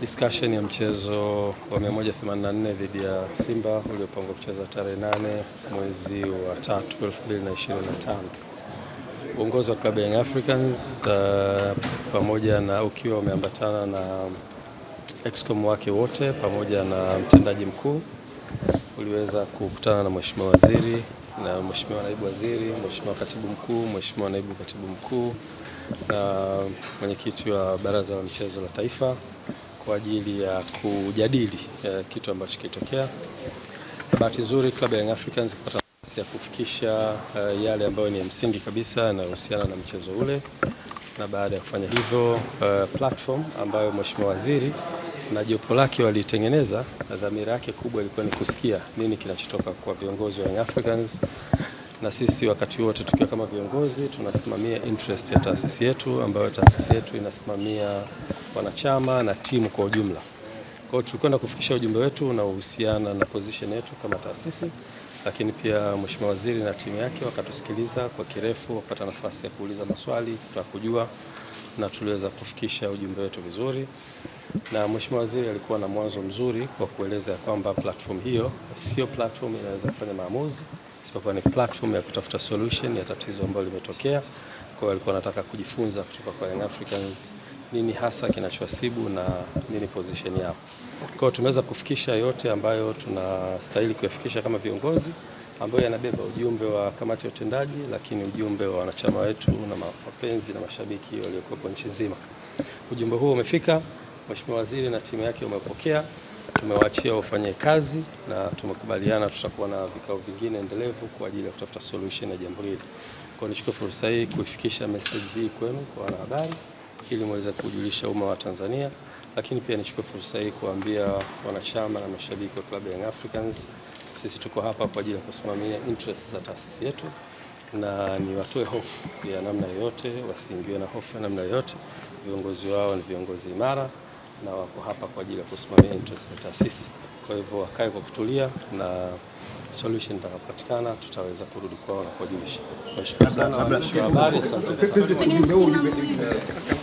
Discussion ya mchezo wa 184 dhidi ya Simba uliopangwa kucheza tarehe 8 mwezi wa 3 2025. Uongozi wa klabu ya Young Africans uh, pamoja na ukiwa umeambatana na excom wake wote pamoja na mtendaji mkuu uliweza kukutana na mheshimiwa waziri na mheshimiwa naibu waziri, mheshimiwa katibu mkuu, mheshimiwa naibu katibu mkuu na mwenyekiti wa baraza la mchezo la taifa kwa ajili ya kujadili ya eh, kitu ambacho kilitokea. Bahati nzuri klabu ya Young Africans ikapata nafasi ya kufikisha uh, yale ambayo ni ya msingi kabisa yanayohusiana na mchezo ule, na baada ya kufanya hivyo uh, platform ambayo mheshimiwa waziri na jopo lake walitengeneza, dhamira yake kubwa ilikuwa ni kusikia nini kinachotoka kwa viongozi wa Young Africans na sisi wakati wote tukiwa kama viongozi tunasimamia interest ya taasisi yetu, ambayo taasisi yetu inasimamia wanachama na timu kwa ujumla. Kwa hiyo tulikwenda kufikisha ujumbe wetu unaohusiana na position yetu kama taasisi, lakini pia Mheshimiwa Waziri na timu yake wakatusikiliza kwa kirefu, wakapata nafasi ya kuuliza maswali kutaka kujua, na tuliweza kufikisha ujumbe wetu vizuri, na Mheshimiwa Waziri alikuwa na mwanzo mzuri kwa kueleza kwamba platform hiyo sio platform inaweza kufanya maamuzi isipokuwa ni platform ya kutafuta solution ya tatizo ambalo limetokea. Kwa hiyo walikuwa wanataka kujifunza kutoka kwa Young Africans nini hasa kinachowasibu na nini position yao. Kwa hiyo tumeweza kufikisha yote ambayo tunastahili kuyafikisha kama viongozi, ambayo yanabeba ujumbe wa kamati ya utendaji, lakini ujumbe wa wanachama wetu na mapenzi na mashabiki waliokuwepo nchi nzima. Ujumbe huo umefika, Mheshimiwa Waziri na timu yake umepokea tumewaachia wafanye kazi na tumekubaliana tutakuwa na vikao vingine endelevu kwa ajili ya kutafuta solution ya jambo hili. Kwa nichukue fursa hii kuifikisha message hii kwenu kwa wanahabari ili muweze kujulisha umma wa Tanzania, lakini pia nichukue fursa hii kuambia wanachama na mashabiki wa klabu ya Young Africans, sisi tuko hapa kwa ajili ya kusimamia interest za taasisi yetu na ni watoe hofu ya namna yoyote, wasiingiwe na hofu ya namna yoyote. Viongozi wao ni viongozi imara na wako hapa kwa ajili ya kusimamia interest ya taasisi. Kwa hivyo wakae kwa kutulia na solution itakapatikana tutaweza kurudi kwao na kuwajulisha. Nashukuru sana waandishi wa habari, asante.